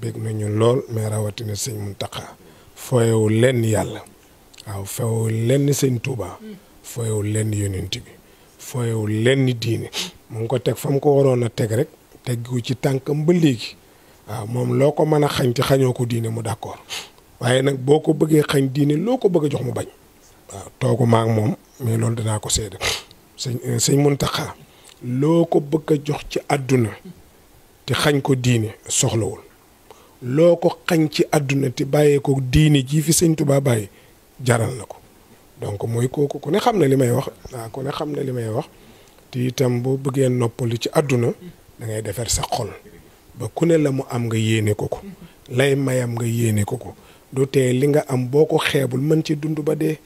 bég nañu lool mais rawatina sëñ Muntaxa fooyewul lenn yàlla waaw fooyewul lenn sëñ Tuuba fooyewul lenn yonent bi fooyewul lenn diine mu ngi ko teg fa mu ko waroon a teg rek teggu ci tànkam ba léegi waaw moom loo ko mën a xañ te xañoo ko diine mu d'accord waaye nag boo ko bëggee xañ diine loo ko bëgg a jox mu bañ waaw toogu maak moom mais loolu danaa ko seede sëñ euh, sëñ Muntaxa loo ko bëgg a jox ci àdduna te xañ ko diini soxlawul loo ko xañ ci àdduna te bàyyee diini diine jii fi bàyyi jaral na ko donc mooy kooku ku ne xam na li may wax waaw ah, ku ne xam na li may wax te itam boo bëggee noppali ci adduna da ngay defar sa xol ba ku ne la mu am nga yéene ko ko lay mayam nga yéene ko ko du tee li nga am boo ko xeebul mën ci dund ba dee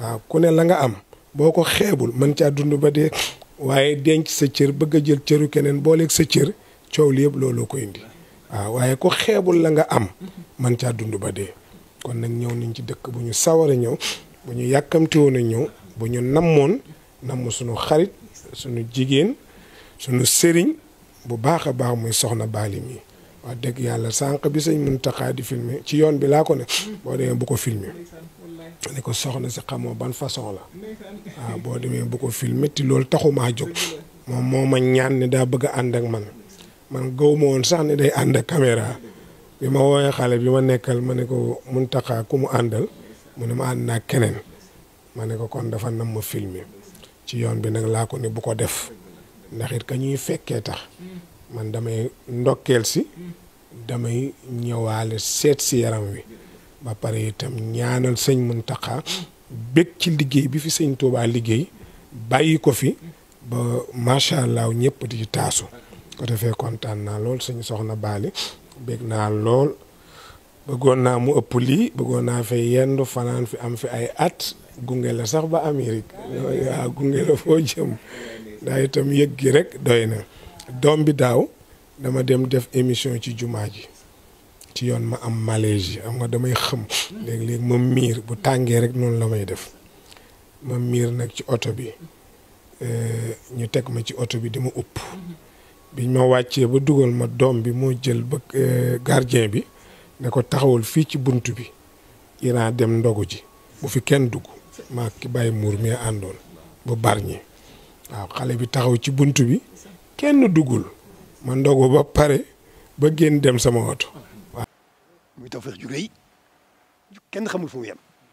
ah, ku ne la nga am boo ko xeebul mën caa dund ba dee waaye denc sa cër bëgg a jël cëru keneen booleeg sa cër coow li yëpp looloo ko indi waaw ah, waaye ko xeebul la nga am man caa dund ba de kon nag ñëw nañ ci dëkk bu ñu sawar a ñëw bu ñu yàkkamti woon ñëw bu ñu nammoon namm suñu xarit suñu jigéen suñu sëriñ bu baax a baax muy soxna baali mi wax dëgg yàlla sànq bi sëñ Muntaxa di filmer ci yoon bi laa ko ne boo demee bu ko filmer ne ko soxna si xamoo ban façon la waaw ah, boo demee bu ko filmer te loolu taxumaa jóg moom moo ma ñaan ne daa bëgg a ànd ak man man gaw ma woon sax ne day ànd ak bi ma woowee xale bi ma nekkal ma ne ko mun taxaa ku mu àndal mu ne ma ànd naa keneen ma ne ko kon dafa namm ma ci yoon bi nag laa ko ne bu ko def ndax it ka ñuy fekkee tax man damay ndokkeel si damay ñëwaale seet si yaram wi ba pare itam ñaanal sëñ Muntaxa bég ci liggéey bi fi sëñ Tuubaa liggéey bàyyi ko fi ba macha allah ñëpp di taasu ko defee kontaan naa lool suñu soxna baali bég naa lool bëggoon naa mu ëpp lii bëggoon naa fay yendu fanaan fi am fi ay at gunge la sax ba amerig waaw gunge la foo jëm ndaa itam yëg gi rek doy na doom bi daaw dama dem def émission ci jumaa ji ci yoon ma am malaise am nga damay xëm léeg-léeg ma miir bu tàngee rek noonu la may def ma miir nag ci oto bi eh, ñu teg ma ci oto bi di ma upp bi ma wàccee ba dugal ma doom bi moo jël ba euh, gardien bi ne ko taxawal fii ci bunt bi dinaa dem ndogu ji bu fi kenn dugg maa ki bàyyi muur mi àndoon ba barñi waaw xale bi taxaw ci bunt bi kenn duggul ma ndogu ba pare ba génn dem sama oto waaw. muy taw kenn xamul fu mu